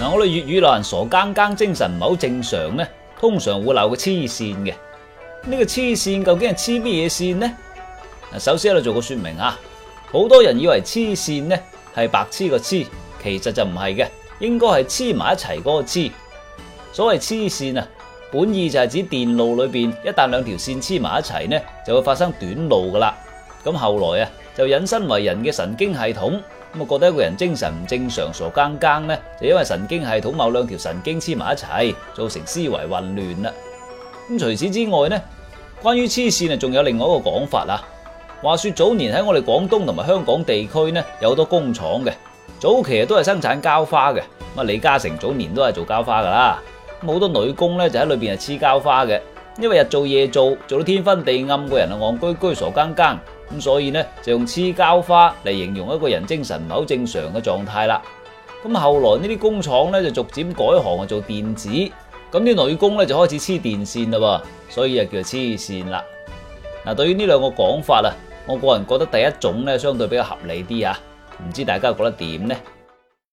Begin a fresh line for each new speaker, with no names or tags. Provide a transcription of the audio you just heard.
嗱，我哋粵語鬧人傻更更，精神唔係好正常咧，通常會鬧個黐線嘅。呢個黐線究竟係黐咩嘢線咧？嗱，首先喺度做個說明啊，好多人以為黐線咧係白痴個痴，其實就唔係嘅，應該係黐埋一齊個黐。所謂黐線啊，本意就係指電路裏邊一旦兩條線黐埋一齊咧，就會發生短路噶啦。咁後來啊。就引申為人嘅神經系統，咁啊覺得一個人精神唔正常、傻更更咧，就因為神經系統某兩條神經黐埋一齊，造成思維混亂啦。咁除此之外咧，關於黐線啊，仲有另外一個講法啊。話說早年喺我哋廣東同埋香港地區咧，有好多工廠嘅，早期啊都係生產膠花嘅。咁啊，李嘉誠早年都係做膠花噶啦。咁好多女工咧就喺裏邊係黐膠花嘅，因為日做夜做，做到天昏地暗，個人啊戇居居、傻更更。咁所以咧就用黐膠花嚟形容一個人精神唔係好正常嘅狀態啦。咁後來呢啲工廠咧就逐漸改行啊做電子，咁啲女工咧就開始黐電線嘞，所以又叫黐線啦。嗱，對於呢兩個講法啊，我個人覺得第一種咧相對比較合理啲啊，唔知大家覺得點呢？